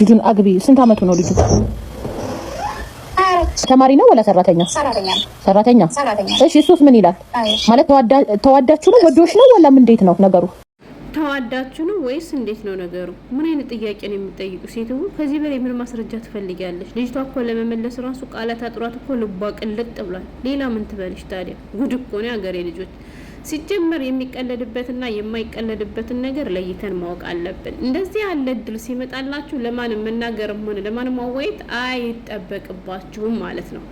ልጁን አግቢ። ስንት አመቱ ነው ልጁ? ተማሪ ነው ወላ ሰራተኛ? ሰራተኛ። እሺ፣ እሱስ ምን ይላል? ማለት ተዋዳችሁ ነው ወዶች ነው ወላም እንዴት ነው ነገሩ? ተዋዳችሁ ነው ወይስ እንዴት ነው ነገሩ? ምን አይነት ጥያቄ ነው የሚጠይቁ? ሴት ከዚህ በላይ ምን ማስረጃ ትፈልጊያለሽ? ልጅቷ እኮ ለመመለስ ራሱ ቃላት አጥሯት እኮ ልቧ ቅልጥ ብሏል። ሌላ ምን ትበልሽ ታዲያ? ጉድ እኮ ነው የአገሬ ልጆች ሲጀመር የሚቀለድበትና የማይቀለድበትን ነገር ለይተን ማወቅ አለብን። እንደዚህ ያለ እድል ሲመጣላችሁ ለማንም መናገርም ሆነ ለማንም ማወየት አይጠበቅባችሁም ማለት ነው።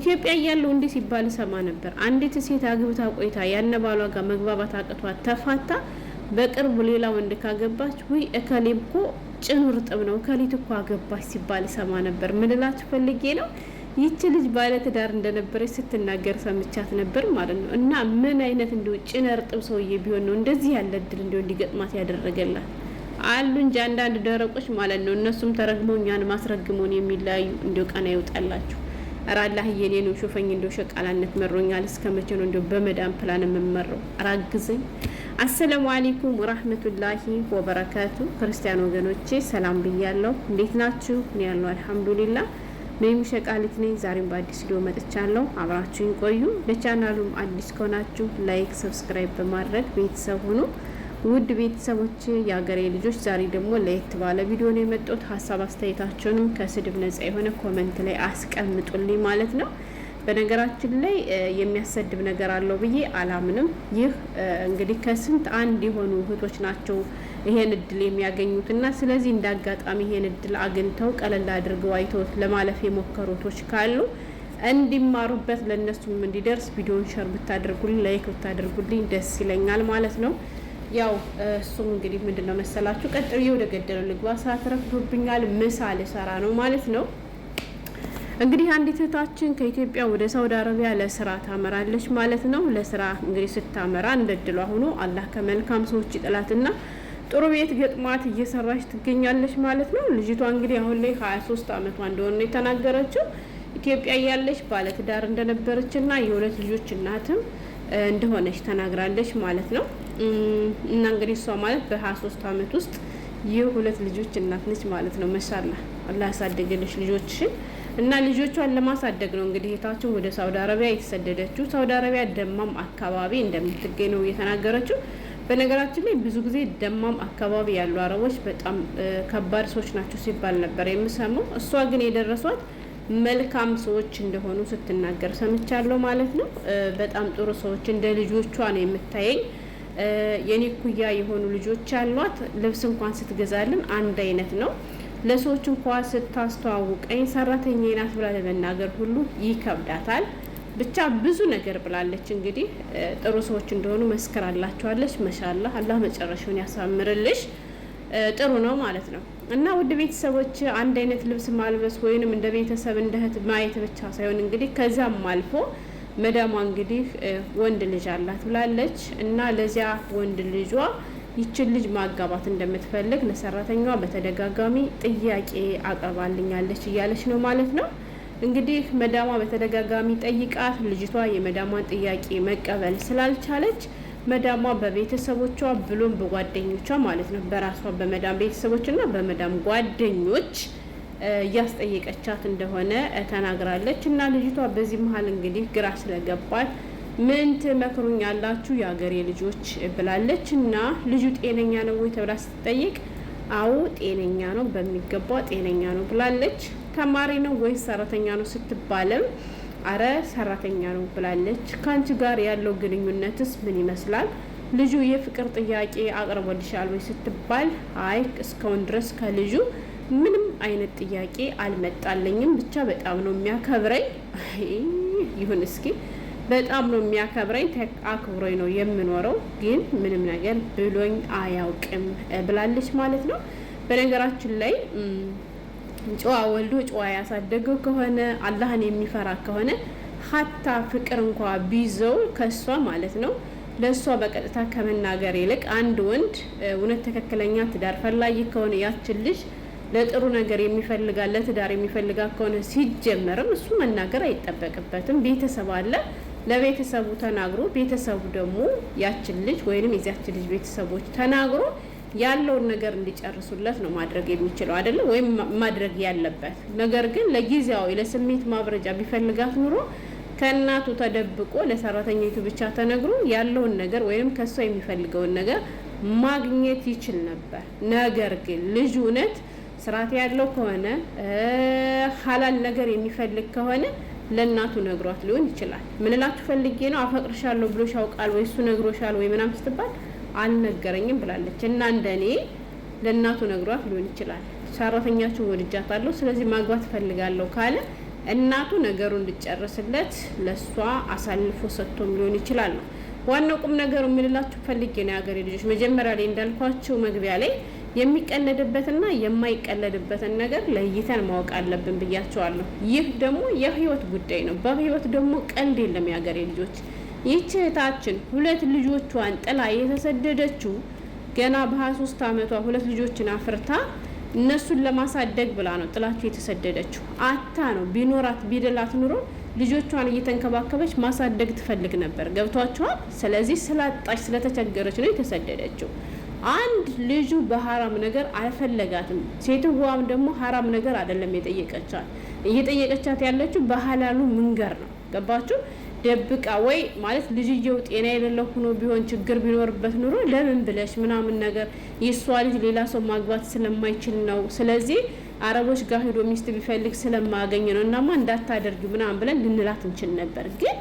ኢትዮጵያ እያለሁ እንዲህ ሲባል ሰማ ነበር። አንዲት ሴት አግብታ ቆይታ ያነ ባሏ ጋር መግባባት አቅቷ ተፋታ። በቅርቡ ሌላ ወንድ ካገባች ውይ እከሌ እኮ ጭኑ ርጥብ ነው እከሊት እኮ አገባች ሲባል ሰማ ነበር። ምንላችሁ ፈልጌ ነው ይቺ ልጅ ባለ ትዳር እንደነበረች ስትናገር ሰምቻት ነበር ማለት ነው። እና ምን አይነት እንዲሁ ጭነ እርጥብ ሰውዬ ቢሆን ነው እንደዚህ ያለ እድል እንዲሁ እንዲገጥማት ያደረገላት? አሉ እንጂ አንዳንድ ደረቆች ማለት ነው። እነሱም ተረግመው እኛን ማስረግመውን የሚለያዩ እንዲሁ ቀና ይውጣላችሁ። ራላህ የኔ ነው ሾፈኝ እንደ ሸቃላነት መሮኛል። እስከ መቼ ነው እንደ በመዳን ፕላን የምመረው? አራግዘኝ። አሰላሙ አለይኩም ወራህመቱላሂ ወበረካቱ። ክርስቲያን ወገኖቼ ሰላም ብያለሁ። እንዴት ናችሁ? እኔ ያለው አልሐምዱሊላህ ሜሚ ሸቃሊት ነኝ። ዛሬም በአዲስ ቪዲዮ መጥቻለሁ። አብራችሁኝ ቆዩ። ለቻናሉም አዲስ ከሆናችሁ ላይክ፣ ሰብስክራይብ በማድረግ ቤተሰብ ሁኑ። ውድ ቤተሰቦች፣ የሀገሬ ልጆች፣ ዛሬ ደግሞ ለየት ባለ ቪዲዮ ነው የመጡት። ሀሳብ አስተያየታችሁንም ከስድብ ነጻ የሆነ ኮመንት ላይ አስቀምጡልኝ ማለት ነው። በነገራችን ላይ የሚያሰድብ ነገር አለው ብዬ አላምንም። ይህ እንግዲህ ከስንት አንድ የሆኑ እህቶች ናቸው ይሄን እድል የሚያገኙትና ስለዚህ እንደ አጋጣሚ ይሄን እድል አግኝተው ቀለል አድርገው አይተውት ለማለፍ የሞከሩ ካሉ እንዲማሩበት ለእነሱም እንዲደርስ ቪዲዮን ሸር ብታደርጉልኝ፣ ላይክ ብታደርጉልኝ ደስ ይለኛል ማለት ነው። ያው እሱም እንግዲህ ምንድን ነው መሰላችሁ፣ ቀጥ ወደ ገደለው ልግባ፣ ስራ ተረፍዶብኛል። ምሳ ልሰራ ነው ማለት ነው። እንግዲህ አንዲት እህታችን ከኢትዮጵያ ወደ ሳውዲ አረቢያ ለስራ ታመራለች ማለት ነው። ለስራ እንግዲህ ስታመራ እንደ እድሏ ሆኖ አላህ ከመልካም ሰዎች ይጥላትና ጥሩ ቤት ገጥሟት እየሰራች ትገኛለች ማለት ነው። ልጅቷ እንግዲህ አሁን ላይ ሀያ ሶስት አመቷ እንደሆነ ነው የተናገረችው። ኢትዮጵያ እያለች ባለትዳር እንደነበረችና የሁለት ልጆች እናትም እንደሆነች ተናግራለች ማለት ነው። እና እንግዲህ እሷ ማለት በሀያ ሶስት አመት ውስጥ የሁለት ልጆች እናት ነች ማለት ነው። መሻላ አላህ ያሳደገልሽ ልጆችሽን እና ልጆቿን ለማሳደግ ነው እንግዲህ እህታችን ወደ ሳውዲ አረቢያ የተሰደደችው። ሳውዲ አረቢያ ደማም አካባቢ እንደምትገኝ ነው እየተናገረችው። በነገራችን ላይ ብዙ ጊዜ ደማም አካባቢ ያሉ አረቦች በጣም ከባድ ሰዎች ናቸው ሲባል ነበር የምሰማው። እሷ ግን የደረሷት መልካም ሰዎች እንደሆኑ ስትናገር ሰምቻለሁ ማለት ነው። በጣም ጥሩ ሰዎች እንደ ልጆቿ ነው የምታየኝ። የኔ ኩያ የሆኑ ልጆች ያሏት ልብስ እንኳን ስትገዛልን አንድ አይነት ነው። ለሰዎች እንኳ ስታስተዋውቀኝ ሰራተኛ ናት ብላ ለመናገር ሁሉ ይከብዳታል። ብቻ ብዙ ነገር ብላለች። እንግዲህ ጥሩ ሰዎች እንደሆኑ መስክራላችኋለች። መሻላ አላህ መጨረሻውን ያሳምርልሽ። ጥሩ ነው ማለት ነው። እና ውድ ቤተሰቦች አንድ አይነት ልብስ ማልበስ ወይንም እንደ ቤተሰብ እንደ እህት ማየት ብቻ ሳይሆን እንግዲህ ከዚያም አልፎ መዳሟ እንግዲህ ወንድ ልጅ አላት ብላለች እና ለዚያ ወንድ ልጇ ይችን ልጅ ማጋባት እንደምትፈልግ ለሰራተኛዋ በተደጋጋሚ ጥያቄ አቅርባልኛለች እያለች ነው ማለት ነው። እንግዲህ መዳሟ በተደጋጋሚ ጠይቃት ልጅቷ የመዳሟን ጥያቄ መቀበል ስላልቻለች መዳሟ በቤተሰቦቿ ብሎም በጓደኞቿ ማለት ነው በራሷ በመዳም ቤተሰቦችና በመዳም ጓደኞች እያስጠየቀቻት እንደሆነ ተናግራለች። እና ልጅቷ በዚህ መሀል እንግዲህ ግራ ስለገባት ምን ትመክሩኛላችሁ የሀገሬ ልጆች ብላለች እና ልጁ ጤነኛ ነው ወይ ተብላ ስትጠይቅ አዎ ጤነኛ ነው በሚገባ ጤነኛ ነው ብላለች። ተማሪ ነው ወይስ ሰራተኛ ነው ስትባለም አረ ሰራተኛ ነው ብላለች። ከአንቺ ጋር ያለው ግንኙነትስ ምን ይመስላል? ልጁ የፍቅር ጥያቄ አቅርቦልሻል ወይ ስትባል አይ እስካሁን ድረስ ከልጁ ምንም አይነት ጥያቄ አልመጣለኝም፣ ብቻ በጣም ነው የሚያከብረኝ። ይሁን እስኪ በጣም ነው የሚያከብረኝ፣ አክብሮኝ ነው የምኖረው፣ ግን ምንም ነገር ብሎኝ አያውቅም ብላለች ማለት ነው። በነገራችን ላይ ጨዋ ወልዶ ጨዋ ያሳደገው ከሆነ አላህን የሚፈራ ከሆነ ሀታ ፍቅር እንኳ ቢይዘው ከእሷ ማለት ነው ለእሷ በቀጥታ ከመናገር ይልቅ አንድ ወንድ እውነት ትክክለኛ ትዳር ፈላጊ ከሆነ ያችን ልጅ ለጥሩ ነገር የሚፈልጋ ለትዳር የሚፈልጋ ከሆነ ሲጀመርም እሱ መናገር አይጠበቅበትም። ቤተሰብ አለ። ለቤተሰቡ ተናግሮ ቤተሰቡ ደግሞ ያችን ልጅ ወይንም የዚያችን ልጅ ቤተሰቦች ተናግሮ ያለውን ነገር እንዲጨርሱለት ነው ማድረግ የሚችለው አይደለም ወይም ማድረግ ያለበት። ነገር ግን ለጊዜያዊ ለስሜት ማብረጃ ቢፈልጋት ኑሮ ከእናቱ ተደብቆ ለሰራተኛቱ ብቻ ተነግሮ ያለውን ነገር ወይም ከእሷ የሚፈልገውን ነገር ማግኘት ይችል ነበር። ነገር ግን ልጁ እውነት ስርዓት ያለው ከሆነ ሀላል ነገር የሚፈልግ ከሆነ ለእናቱ ነግሯት ሊሆን ይችላል። ምንላችሁ ፈልጌ ነው አፈቅርሻለሁ ብሎሽ ያውቃል ወይ እሱ ነግሮሻል ወይ ምናምን ስትባል አልነገረኝም ብላለች እና እንደኔ ለእናቱ ነግሯት ሊሆን ይችላል። ሰራተኛችሁን ወድጃታለሁ፣ ስለዚህ ማግባት ፈልጋለሁ ካለ እናቱ ነገሩ እንድጨርስለት ለእሷ አሳልፎ ሰጥቶም ሊሆን ይችላል ነው ዋናው ቁም ነገሩ። የምንላችሁ ፈልጌ ነው የሀገሬ ልጆች መጀመሪያ ላይ እንዳልኳቸው መግቢያ ላይ የሚቀለድበትና የማይቀለድበትን ነገር ለይተን ማወቅ አለብን ብያቸዋለሁ። ይህ ደግሞ የህይወት ጉዳይ ነው። በህይወት ደግሞ ቀልድ የለም። የሀገሬ ልጆች፣ ይህች እህታችን ሁለት ልጆቿን ጥላ የተሰደደችው ገና በሀያ ሶስት አመቷ ሁለት ልጆችን አፍርታ እነሱን ለማሳደግ ብላ ነው ጥላቸው የተሰደደችው። አታ ነው ቢኖራት ቢደላት ኑሮ ልጆቿን እየተንከባከበች ማሳደግ ትፈልግ ነበር። ገብቷቸዋል። ስለዚህ ስላጣች ስለተቸገረች ነው የተሰደደችው። አንድ ልጁ በሀራም ነገር አልፈለጋትም። ሴትዋም ደግሞ ሀራም ነገር አይደለም የጠየቀቻት እየጠየቀቻት ያለችው በሀላሉ መንገር ነው። ገባችሁ? ደብቃ ወይ ማለት ልጅየው ጤና የሌለው ሆኖ ቢሆን ችግር ቢኖርበት ኑሮ ለምን ብለሽ ምናምን ነገር የእሷ ልጅ ሌላ ሰው ማግባት ስለማይችል ነው። ስለዚህ አረቦች ጋር ሂዶ ሚስት ቢፈልግ ስለማገኝ ነው። እናማ እንዳታደርጊ ምናምን ብለን ልንላት እንችል ነበር። ግን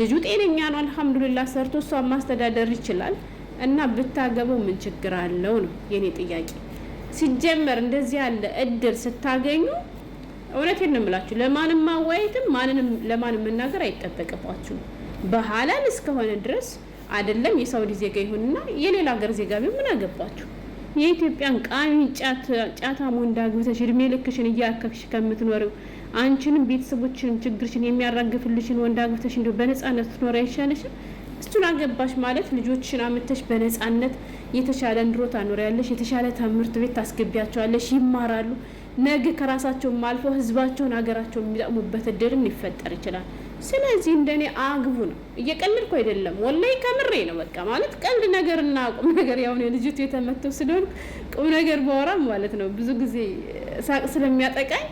ልጁ ጤነኛ ነው፣ አልሐምዱሊላ ሰርቶ እሷ ማስተዳደር ይችላል። እና ብታገባው ምን ችግር አለው ነው የኔ ጥያቄ። ሲጀመር እንደዚህ ያለ እድል ስታገኙ እውነቴን ነው የምላችሁ፣ ለማንም ማወያየትም ማንንም ለማንም መናገር አይጠበቅባችሁም። በሀላል እስከሆነ ድረስ አይደለም የሳውዲ ዜጋ ይሁንና የሌላ ሀገር ዜጋ ቢሆን ምን አገባችሁ? የኢትዮጵያን ቃሚ ጫታሞ እንዳግብተሽ እድሜ ልክሽን እያከክሽ ከምትኖሪው አንቺንም ቤተሰቦችንም ችግርሽን የሚያራግፍልሽን ወንድ አግብተሽ እንዲሁ በነጻነት ትኖር አይሻልሽም? እሱን አገባሽ ማለት ልጆችን አምተሽ በነፃነት የተሻለ ኑሮ ታኖሪያለሽ፣ የተሻለ ትምህርት ቤት ታስገቢያቸዋለሽ፣ ይማራሉ። ነገ ከራሳቸውም አልፈው ህዝባቸውን፣ ሀገራቸውን የሚጠቅሙበት እድልም ሊፈጠር ይችላል። ስለዚህ እንደኔ አግቡ ነው። እየቀልድኩ አይደለም፣ ወላይ ከምሬ ነው። በቃ ማለት ቀልድ ነገር እና ቁም ነገር ያሁን የልጅቱ የተመተው ስለሆን ቁም ነገር ባወራም ማለት ነው ብዙ ጊዜ ሳቅ ስለሚያጠቃኝ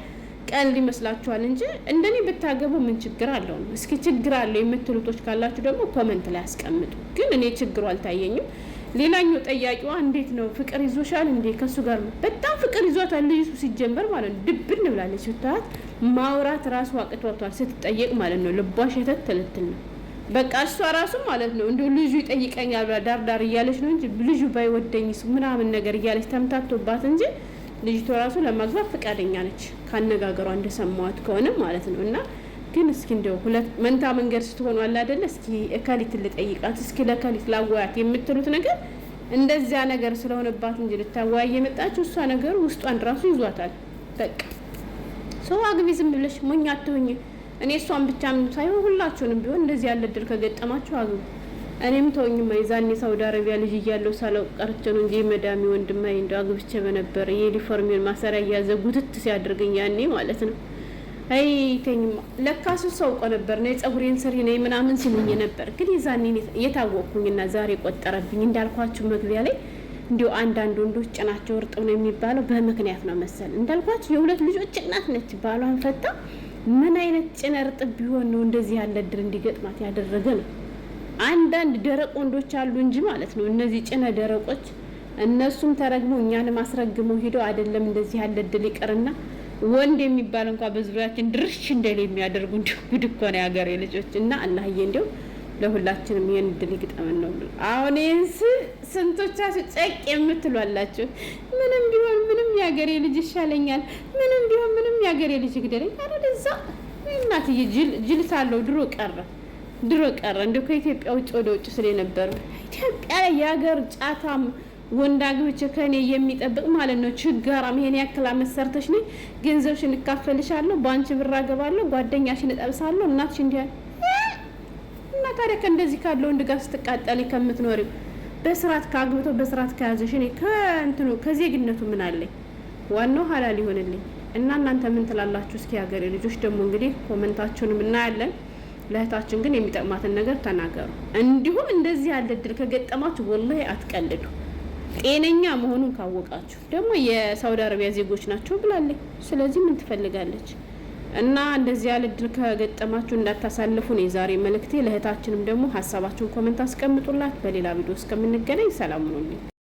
ቀልድ ይመስላችኋል እንጂ እንደኔ ብታገቡ ምን ችግር አለው ነው። እስኪ ችግር አለው የምትሉቶች ካላችሁ ደግሞ ኮመንት ላይ አስቀምጡ። ግን እኔ ችግሩ አልታየኝም። ሌላኛው ጠያቂዋ እንዴት ነው ፍቅር ይዞሻል እንዴ? ከእሱ ጋር ነው በጣም ፍቅር ይዟታል ልጅቱ ሲጀመር ማለት ነው። ድብን ብላለች ስታያት፣ ማውራት ራሱ አቅቷቷል ስትጠየቅ ማለት ነው። ልቧ ሸተት ትልትል ነው በቃ እሷ ራሱ ማለት ነው እንዲሁ ልጁ ይጠይቀኛል ዳርዳር እያለች ነው እንጂ ልጁ ባይወደኝስ ምናምን ነገር እያለች ተምታቶባት እንጂ ልጅቷ ራሱ ለማግባት ፈቃደኛ ነች፣ ካነጋገሯ እንደሰማዋት ከሆነ ማለት ነው። እና ግን እስኪ እንደው ሁለት መንታ መንገድ ስትሆኑ አለ አይደለ? እስኪ እከሊት ልጠይቃት፣ እስኪ ለከሊት ላወያት የምትሉት ነገር እንደዚያ ነገር ስለሆነባት እንጂ ልታወያይ የመጣችው እሷ ነገሩ ውስጧን ራሱ ይዟታል። በቃ ሰው አግቢ ዝም ብለሽ ሞኝ አትሆኝ። እኔ እሷን ብቻ ሳይሆን ሁላችሁንም ቢሆን እንደዚህ ያለ እድል ከገጠማችሁ አግቢ። እኔም ተወኝማ የዛኔ ሳውዲ አረቢያ ልጅ እያለሁ ሳላውቅ ቀርቼ ነው እንጂ መዳሚ ወንድማ እንደው አግብቼ በነበር የዩኒፎርሜን ማሰሪያ እያዘ ጉትት ሲያደርገኝ ያኔ ማለት ነው። አይ ተኝማ ለካሱ ሳውቆ ነበር ነው የጸጉሬን ስሪ ነኝ ምናምን ሲሉኝ ነበር። ግን የዛኔ የታወቅኩኝና ዛሬ ቆጠረብኝ። እንዳልኳችሁ መግቢያ ላይ እንዲሁ አንዳንድ ወንዶች ጭናቸው እርጥብ ነው የሚባለው በምክንያት ነው መሰል። እንዳልኳችሁ የሁለት ልጆች ጭናት ነች ባሏን ፈታ። ምን አይነት ጭነ እርጥብ ቢሆን ነው እንደዚህ ያለ እድል እንዲገጥማት ያደረገ ነው። አንዳንድ ደረቅ ወንዶች አሉ እንጂ ማለት ነው። እነዚህ ጭነ ደረቆች እነሱም ተረግመው እኛንም አስረግመው ሄደው አይደለም እንደዚህ ያለ ድል ይቅርና ወንድ የሚባል እንኳ በዙሪያችን ድርሽ እንደል የሚያደርጉ እንዲሁ ጉድ እኮ ነው የሀገሬ ልጆች። እና አላህዬ እንዲሁ ለሁላችንም ይህን ድል ይግጠመን ነው። አሁን ይህን ስንቶቻችሁ ጨቅ የምትሏላችሁ ምንም ቢሆን ምንም የሀገሬ ልጅ ይሻለኛል፣ ምንም ቢሆን ምንም የሀገሬ ልጅ ይግደለኝ። አረ ደዛ እናትዬ ጅል ሳለው ድሮ ቀረ። ድሮ ቀረ እንደ ከኢትዮጵያ ውጭ ወደ ውጭ ስለ ነበር ኢትዮጵያ ላይ የሀገር ጫታም ወንድ አግብቼ ከእኔ የሚጠብቅ ማለት ነው። ችጋራም ይሄን ያክል መሰርተሽ ነኝ፣ ገንዘብሽን እካፈልሻለሁ፣ በአንቺ ብር አገባለሁ፣ ጓደኛሽን እጠብሳለሁ፣ እናትሽ እንዲ እና ታዲያ ከእንደዚህ ካለ ወንድ ጋር ስትቃጠል ከምትኖሪው በስርዓት ከአግብቶ በስርዓት ከያዘሽ እኔ ከእንትኑ ከዜግነቱ ምን አለኝ? ዋናው ሀላል ይሆንልኝ እና እናንተ ምን ትላላችሁ? እስኪ ሀገሬ ልጆች ደግሞ እንግዲህ ኮመንታችሁንም እናያለን። ለእህታችን ግን የሚጠቅማትን ነገር ተናገሩ። እንዲሁም እንደዚህ ያለ እድል ከገጠማችሁ ወላሂ አትቀልዱ። ጤነኛ መሆኑን ካወቃችሁ ደግሞ የሳውዲ አረቢያ ዜጎች ናቸው ብላለች። ስለዚህ ምን ትፈልጋለች? እና እንደዚህ ያለ እድል ከገጠማችሁ እንዳታሳልፉ ነው የዛሬ መልእክቴ። ለእህታችንም ደግሞ ሀሳባችሁን ኮመንት አስቀምጡላት። በሌላ ቪዲዮ እስከምንገናኝ ሰላም ኑልኝ።